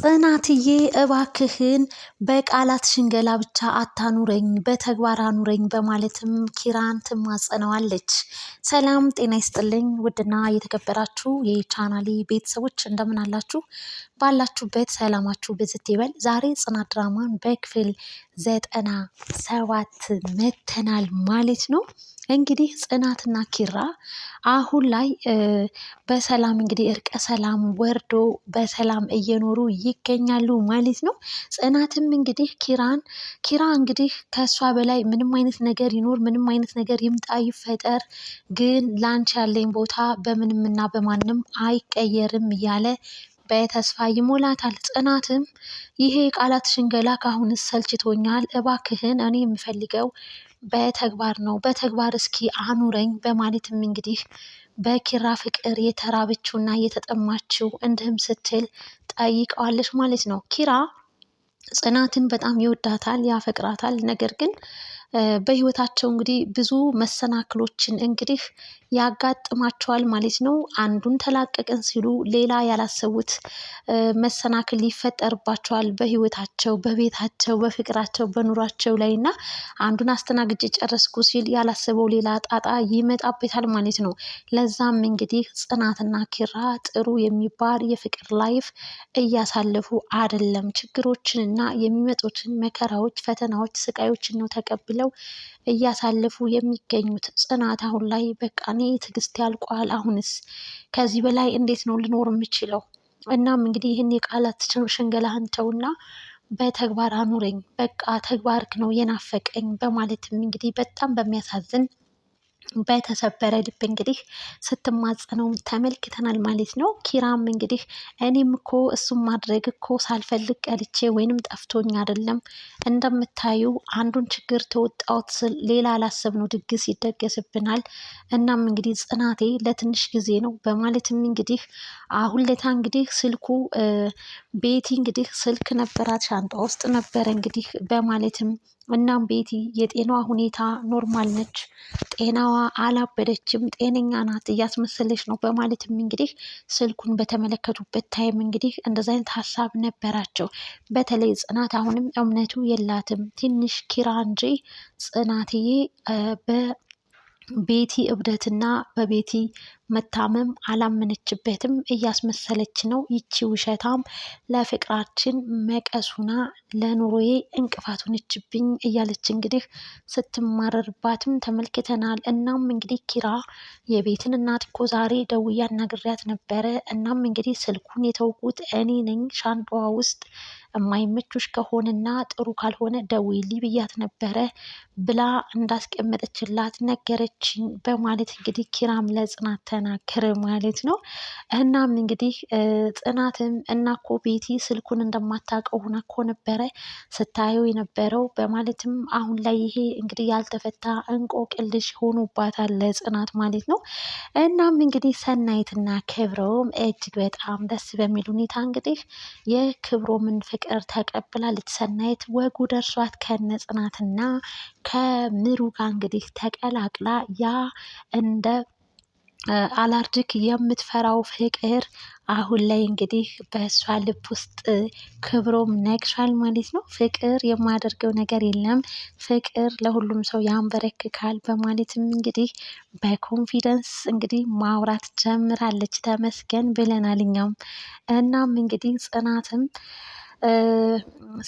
ጽናትዬ እባክህን በቃላት ሽንገላ ብቻ አታኑረኝ፣ በተግባር አኑረኝ በማለትም ኪራን ትማጸነዋለች። ሰላም ጤና ይስጥልኝ ውድና የተከበራችሁ የቻናሌ ቤተሰቦች እንደምን አላችሁ? ባላችሁበት ሰላማችሁ ብዝት ይበል። ዛሬ ጽናት ድራማን በክፍል ዘጠና ሰባት መተናል ማለት ነው። እንግዲህ ጽናትና ኪራ አሁን ላይ በሰላም እንግዲህ እርቀ ሰላም ወርዶ በሰላም እየኖሩ ይገኛሉ ማለት ነው። ጽናትም እንግዲህ ኪራን ኪራ እንግዲህ ከእሷ በላይ ምንም አይነት ነገር ይኖር ምንም አይነት ነገር ይምጣ ይፈጠር፣ ግን ላንቺ ያለኝ ቦታ በምንምና በማንም አይቀየርም እያለ በተስፋ ይሞላታል። ጽናትም ይሄ የቃላት ሽንገላ ካሁን ሰልችቶኛል፣ እባክህን እኔ የምፈልገው በተግባር ነው፣ በተግባር እስኪ አኑረኝ በማለትም እንግዲህ በኪራ ፍቅር የተራበችውና የተጠማችው እንድህም ስትል ጠይቀዋለች ማለት ነው። ኪራ ጽናትን በጣም ይወዳታል፣ ያፈቅራታል። ነገር ግን በህይወታቸው እንግዲህ ብዙ መሰናክሎችን እንግዲህ ያጋጥማቸዋል ማለት ነው። አንዱን ተላቀቅን ሲሉ ሌላ ያላሰቡት መሰናክል ይፈጠርባቸዋል በህይወታቸው በቤታቸው በፍቅራቸው በኑሯቸው ላይ እና አንዱን አስተናግጄ ጨረስኩ ሲል ያላሰበው ሌላ ጣጣ ይመጣበታል ማለት ነው። ለዛም እንግዲህ ጽናትና ኪራ ጥሩ የሚባል የፍቅር ላይፍ እያሳለፉ አይደለም ችግሮችንና የሚመጡትን መከራዎች ፈተናዎች ስቃዮችን ነው ተቀብለን ብለው እያሳለፉ የሚገኙት ጽናት አሁን ላይ በቃ እኔ ትዕግስት ያልቋል፣ አሁንስ ከዚህ በላይ እንዴት ነው ልኖር የምችለው? እናም እንግዲህ ይህን የቃላት ሽንገላህን ተውና በተግባር አኑረኝ፣ በቃ ተግባርክ ነው የናፈቀኝ በማለትም እንግዲህ በጣም በሚያሳዝን በተሰበረ ልብ እንግዲህ ስትማጸነው ተመልክተናል ማለት ነው። ኪራም እንግዲህ እኔም እኮ እሱም ማድረግ እኮ ሳልፈልግ ቀልቼ ወይንም ጠፍቶኝ አይደለም እንደምታዩ አንዱን ችግር ተወጣሁት ስል ሌላ አላሰብነው ድግስ ይደገስብናል። እናም እንግዲህ ጽናቴ ለትንሽ ጊዜ ነው በማለትም እንግዲህ አሁን ለታ እንግዲህ ስልኩ ቤቲ እንግዲህ ስልክ ነበራት ሻንጣ ውስጥ ነበረ እንግዲህ በማለትም እናም ቤቲ የጤናዋ ሁኔታ ኖርማል ነች፣ ጤናዋ አላበደችም፣ ጤነኛ ናት፣ እያስመሰለች ነው በማለትም እንግዲህ ስልኩን በተመለከቱበት ታይም እንግዲህ እንደዚ አይነት ሀሳብ ነበራቸው። በተለይ ጽናት አሁንም እምነቱ የላትም ትንሽ ኪራ እንጂ ጽናትዬ ቤቲ እብደትና በቤቲ መታመም አላመነችበትም፣ እያስመሰለች ነው። ይቺ ውሸታም ለፍቅራችን መቀሱና ለኑሮዬ እንቅፋት ሆነችብኝ እያለች እንግዲህ ስትማረርባትም ተመልክተናል። እናም እንግዲህ ኪራ የቤትን እናት እኮ ዛሬ ደውዬ አናግሬያት ነበረ። እናም እንግዲህ ስልኩን የተውኩት እኔ ነኝ ሻንጣዋ ውስጥ የማይመቹሽ ከሆነና ጥሩ ካልሆነ ደውዪልኝ ብያት ነበረ ብላ እንዳስቀመጠችላት ነገረችኝ በማለት እንግዲህ ኪራም ለጽናት ተናገረ ማለት ነው። እናም እንግዲህ ጽናትም እናኮ ቤቲ ስልኩን እንደማታውቀው ሆና እኮ ነበረ ስታየው የነበረው በማለትም አሁን ላይ ይሄ እንግዲህ ያልተፈታ እንቆቅልሽ ሆኖባታል ለጽናት ማለት ነው። እናም እንግዲህ ሰናይትና ክብሮም እጅግ በጣም ደስ በሚል ሁኔታ እንግዲህ የክብሮምን ፍቅር ፍቅር ተቀብላ ሰናይት ወጉ ደርሷት ከነ ጽናትና ከምሩ ጋር እንግዲህ ተቀላቅላ ያ እንደ አላርጅክ የምትፈራው ፍቅር አሁን ላይ እንግዲህ በእሷ ልብ ውስጥ ክብሮም ነግሷል ማለት ነው። ፍቅር የማደርገው ነገር የለም ፍቅር ለሁሉም ሰው ያንበረክካል በማለትም እንግዲህ በኮንፊደንስ እንግዲህ ማውራት ጀምራለች። ተመስገን ብለናል እኛም እናም እንግዲህ ጽናትም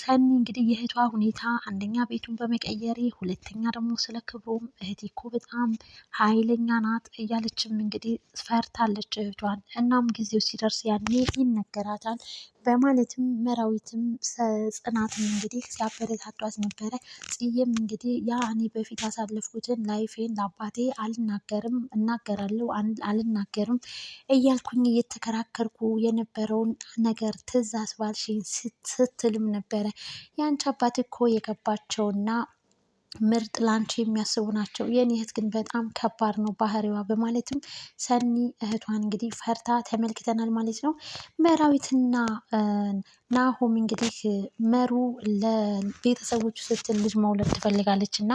ሰኒ እንግዲህ የእህቷ ሁኔታ አንደኛ ቤቱን በመቀየሬ ሁለተኛ ደግሞ ስለ ክብሮም እህቴ እኮ በጣም ኃይለኛ ናት እያለችም እንግዲህ ፈርታለች እህቷን። እናም ጊዜው ሲደርስ ያኔ ይነገራታል። በማለትም መራዊትም ጽናትም እንግዲህ ሲያበረታቷት ነበረ። ጽዬም እንግዲህ ያ እኔ በፊት ያሳለፍኩትን ላይፌን ለአባቴ አልናገርም እናገራለሁ አልናገርም እያልኩኝ እየተከራከርኩ የነበረውን ነገር ትእዛዝ ባልሽኝ ስትልም ነበረ። የአንቺ አባት እኮ የገባቸውና ምርጥ ላንቺ የሚያስቡ ናቸው። የኔ እህት ግን በጣም ከባድ ነው ባህሪዋ በማለትም ሰኒ እህቷን እንግዲህ ፈርታ ተመልክተናል ማለት ነው። መራዊትና ናሆም እንግዲህ መሩ ለቤተሰቦቹ ስትል ልጅ መውለድ ትፈልጋለች እና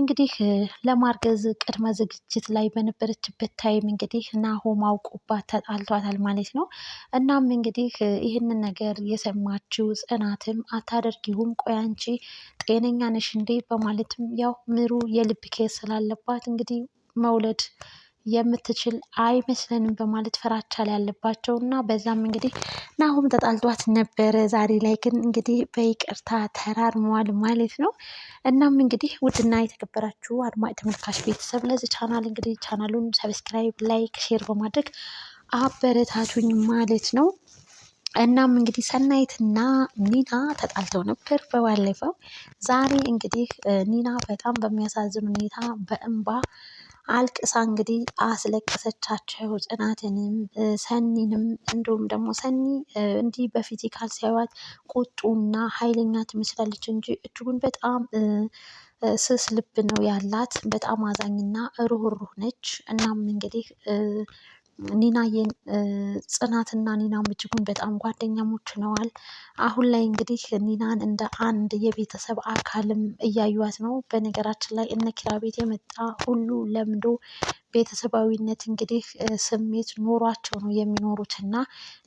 እንግዲህ ለማርገዝ ቅድመ ዝግጅት ላይ በነበረችበት ታይም እንግዲህ ናሆም አውቆባት ተጣልቷታል ማለት ነው። እናም እንግዲህ ይህንን ነገር የሰማችው ጽናትም አታደርጊውም ቆይ አንቺ ጤነኛ ነሽ እንዴ? በማለትም ያው ምሩ የልብ ኬዝ ስላለባት እንግዲህ መውለድ የምትችል አይመስለንም በማለት ፍራቻ ላይ ያለባቸው እና በዛም እንግዲህ ናሁም ተጣልቷት ነበረ። ዛሬ ላይ ግን እንግዲህ በይቅርታ ተራርመዋል ማለት ነው። እናም እንግዲህ ውድና የተከበራችሁ አድማጭ ተመልካች ቤተሰብ ለዚህ ቻናል እንግዲህ ቻናሉን ሰብስክራይብ፣ ላይክ፣ ሼር በማድረግ አበረታቱኝ ማለት ነው። እናም እንግዲህ ሰናይትና ኒና ተጣልተው ነበር በባለፈው። ዛሬ እንግዲህ ኒና በጣም በሚያሳዝን ሁኔታ በእንባ አልቅሳ እንግዲህ አስለቀሰቻቸው። ጽናትንም ሰኒንም እንዲሁም ደግሞ ሰኒ እንዲህ በፊዚካል ሲያዩት ቁጡና ኃይለኛ ትመስላለች እንጂ እጅጉን በጣም ስስ ልብ ነው ያላት። በጣም አዛኝና ሩህሩህ ነች። እናም እንግዲህ ኒና ጽናትና ኒናም እጅጉን በጣም ጓደኛሞች ነዋል። አሁን ላይ እንግዲህ ኒናን እንደ አንድ የቤተሰብ አካልም እያዩዋት ነው። በነገራችን ላይ እነ ኪራ ቤት የመጣ ሁሉ ለምዶ ቤተሰባዊነት እንግዲህ ስሜት ኑሯቸው ነው የሚኖሩት እና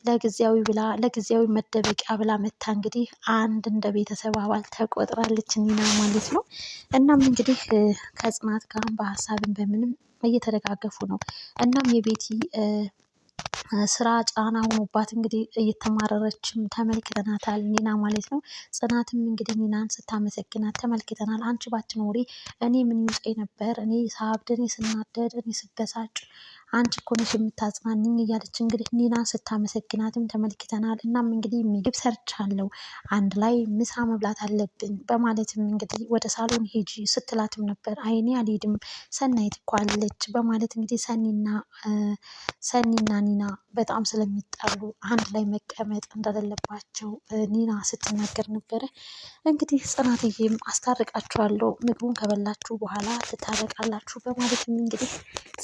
ለጊዜያዊ ብላ ለጊዜያዊ መደበቂያ ብላ መታ እንግዲህ አንድ እንደ ቤተሰብ አባል ተቆጥራለች እኒና ማለት ነው። እናም እንግዲህ ከጽናት ጋርም በሀሳብም በምንም እየተደጋገፉ ነው። እናም የቤቲ ስራ ጫና ሆኖባት እንግዲህ እየተማረረችም ተመልክተናታል። ኒና ማለት ነው። ጽናትም እንግዲህ ኒናን ስታመሰግናት ተመልክተናል። አንቺ ባትኖሪ እኔ ምን ይውጠኝ ነበር? እኔ ሳብድ፣ እኔ ስናደድ፣ እኔ ስበሳጭ አንቺ እኮ ነሽ የምታጽናንኝ እያለች እንግዲህ ኒናን ስታመሰግናትም ተመልክተናል። እናም እንግዲህ ምግብ ሰርቻለሁ፣ አንድ ላይ ምሳ መብላት አለብን በማለትም እንግዲህ ወደ ሳሎን ሄጂ ስትላትም ነበር። አይኔ አልሄድም ሰናይት እኮ አለች በማለት እንግዲህ ሰኒና ሰኒና ኒና በጣም ስለሚጠሉ አንድ ላይ መቀመጥ እንደሌለባቸው ኒና ስትናገር ነበረ። እንግዲህ ጽናትዬም አስታርቃችኋለሁ፣ ምግቡን ከበላችሁ በኋላ ትታረቃላችሁ በማለትም እንግዲህ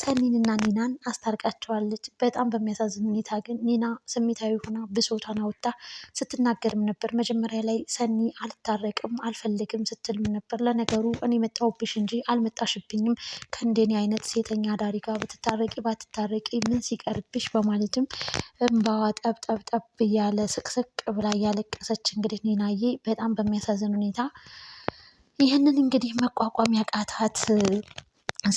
ሰኒንና ኒናን አስታርቃቸዋለች። በጣም በሚያሳዝን ሁኔታ ግን ኒና ስሜታዊ ሆና ብሶቷን አውጥታ ስትናገርም ነበር። መጀመሪያ ላይ ሰኒ አልታረቅም፣ አልፈልግም ስትልም ነበር። ለነገሩ እኔ መጣሁብሽ እንጂ አልመጣሽብኝም ከእንደኔ አይነት ሴተኛ ዳሪ ጋር ብትታረቂ ባትታረቂ ምን ሲቀርብሽ በማለትም ልጅም እምባዋ ጠብጠብ ጠብ እያለ ስቅስቅ ብላ እያለቀሰች እንግዲህ ኒናዬ በጣም በሚያሳዝን ሁኔታ ይህንን እንግዲህ መቋቋም ያቃታት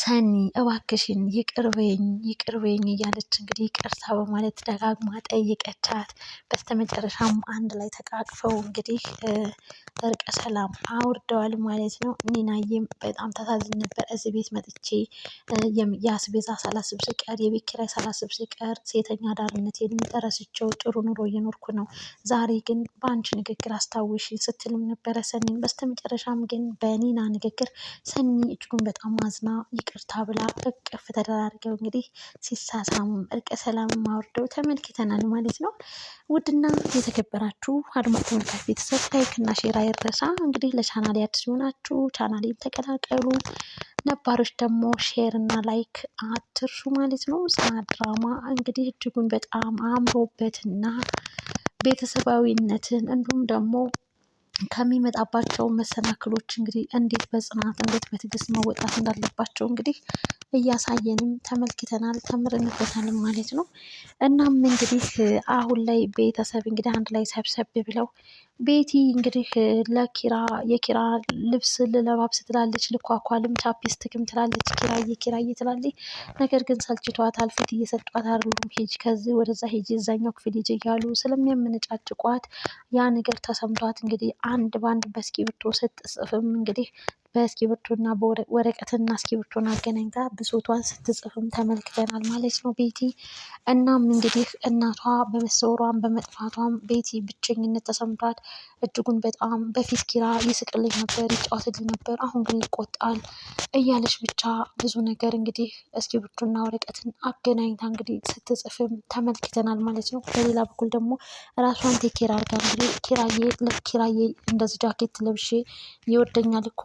ሰኒ እባክሽን ይቅርበኝ ይቅርበኝ እያለች እንግዲህ ይቅርታ በማለት ደጋግማ ጠይቀቻት። በስተመጨረሻም አንድ ላይ ተቃቅፈው እንግዲህ እርቀ ሰላም አውርደዋል ማለት ነው። ኒናዬም በጣም ተሳዝን ነበር። እዚህ ቤት መጥቼ የአስቤዛ ሳላስብ ስቀር፣ የቤት ኪራይ ሳላስብ ስቀር ሴተኛ አዳሪነቴን የሚጠረስቸው ጥሩ ኑሮ እየኖርኩ ነው። ዛሬ ግን በአንቺ ንግግር አስታውሽ ስትልም ነበረ ሰኒም። በስተመጨረሻም ግን በኒና ንግግር ሰኒ እጅጉን በጣም አዝና ይቅርታ ብላ እቅፍ ተደራርገው እንግዲህ ሲሳሳሙ እርቀ ሰላም አውርደው ተመልክተናል ማለት ነው። ውድና የተከበራችሁ አድማጭ ተመልካች ቤተሰብ ላይክ እና ሼር አይረሳ። እንግዲህ ለቻናል አዲስ ሲሆናችሁ ቻናሌን ተቀላቀሉ። ነባሮች ደግሞ ሼር እና ላይክ አትርሱ ማለት ነው። ጽናት ድራማ እንግዲህ እጅጉን በጣም አምሮበትና ቤተሰባዊነትን እንዲሁም ደግሞ ከሚመጣባቸው መሰናክሎች እንግዲህ እንዴት በጽናት እንዴት በትዕግስት መወጣት እንዳለባቸው እንግዲህ እያሳየንም ተመልክተናል ተምረንበታልም ማለት ነው። እናም እንግዲህ አሁን ላይ ቤተሰብ እንግዲህ አንድ ላይ ሰብሰብ ብለው ቤቲ እንግዲህ ለኪራ የኪራ ልብስ ልለባብስ ትላለች፣ ልኳኳልም ቻፕስቲክም ትላለች፣ ኪራዬ ኪራዬ ትላለች። ነገር ግን ሰልችቷታል። ፊት እየሰጧት አይደሉም። ሂጅ ከዚህ ወደዛ ሂጅ፣ እዛኛው ክፍል ሂጅ እያሉ ስለሚያመነጫጭቋት ያ ነገር ተሰምቷት እንግዲህ አንድ በአንድ በእስክሪብቶ ስትጽፍም እንግዲህ በእስኪብርቶና ወረቀትና እስኪብርቶን አገናኝታ ብሶቷን ስትጽፍም ተመልክተናል ማለት ነው ቤቲ። እናም እንግዲህ እናቷ በመሰወሯን በመጥፋቷም ቤቲ ብቸኝነት ተሰምቷት እጅጉን በጣም በፊት ኪራ ይስቅልኝ ነበር፣ ይጫወትልኝ ነበር፣ አሁን ግን ይቆጣል እያለች ብቻ ብዙ ነገር እንግዲህ እስኪብርቶና ወረቀትን አገናኝታ እንግዲህ ስትጽፍም ተመልክተናል ማለት ነው። በሌላ በኩል ደግሞ ራሷን ቴኬር አድርጋ እንግዲህ ኪራዬ እንደዚህ ጃኬት ለብሼ ይወደኛል እኮ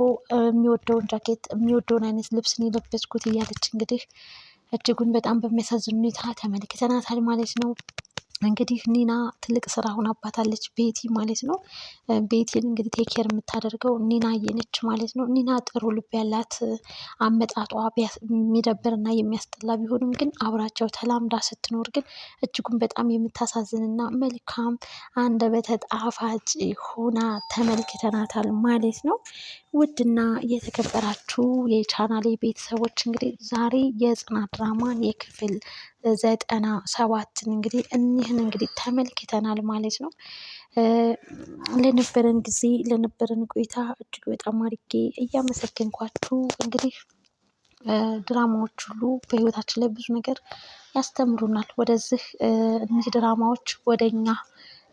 የሚወደውን ጃኬት የሚወደውን አይነት ልብስን የለበስኩት እያለች እንግዲህ እጅጉን በጣም በሚያሳዝን ሁኔታ ተመልክተናታል ማለት ነው። እንግዲህ ኒና ትልቅ ስራ ሆናባታለች ቤቲ ማለት ነው። ቤቲን እንግዲህ ቴኬር የምታደርገው ኒና ነች ማለት ነው። ኒና ጥሩ ልብ ያላት አመጣጧ የሚደብርና የሚያስጠላ ቢሆንም ግን አብራቸው ተላምዳ ስትኖር ግን እጅጉን በጣም የምታሳዝንና መልካም አንደበተ ጣፋጭ ሆና ተመልክተናታል ማለት ነው። ውድና የተከበራችሁ የቻናሌ ቤተሰቦች እንግዲህ ዛሬ የጽናት ድራማን የክፍል ዘጠና ሰባትን እንግዲህ እኒህን እንግዲህ ተመልክተናል ማለት ነው። ለነበረን ጊዜ ለነበረን ቆይታ እጅግ በጣም አድርጌ እያመሰገንኳችሁ እንግዲህ ድራማዎች ሁሉ በህይወታችን ላይ ብዙ ነገር ያስተምሩናል። ወደዚህ እኒህ ድራማዎች ወደ እኛ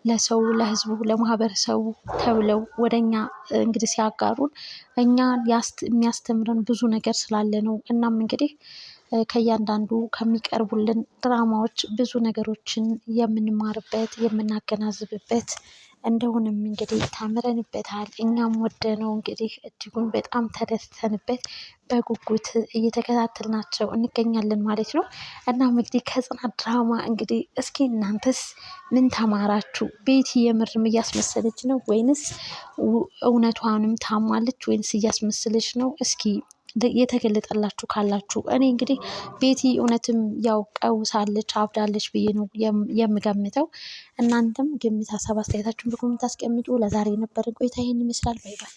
ለሰው ለህዝቡ ለማህበረሰቡ ተብለው ወደ እኛ እንግዲህ ሲያጋሩን እኛ የሚያስተምረን ብዙ ነገር ስላለ ነው። እናም እንግዲህ ከእያንዳንዱ ከሚቀርቡልን ድራማዎች ብዙ ነገሮችን የምንማርበት የምናገናዝብበት እንደሆነም እንግዲህ ታምረንበታል። እኛም ወደነው እንግዲህ እጅጉን በጣም ተደስተንበት በጉጉት እየተከታተልናቸው እንገኛለን ማለት ነው። እናም እንግዲህ ከጽናት ድራማ እንግዲህ እስኪ እናንተስ ምን ተማራችሁ? ቤቲ የምርም እያስመሰለች ነው ወይንስ እውነቷንም ታማለች ወይንስ እያስመሰለች ነው? እስኪ የተገለጠላችሁ ካላችሁ። እኔ እንግዲህ ቤቲ እውነትም ያው ቀውሳለች አብዳለች ብዬ ነው የምገምተው። እናንተም ግምት፣ ሀሳብ አስተያየታችሁን በኮሜንት አስቀምጡ። ለዛሬ የነበረን ቆይታ ይህን ይመስላል። ባይባል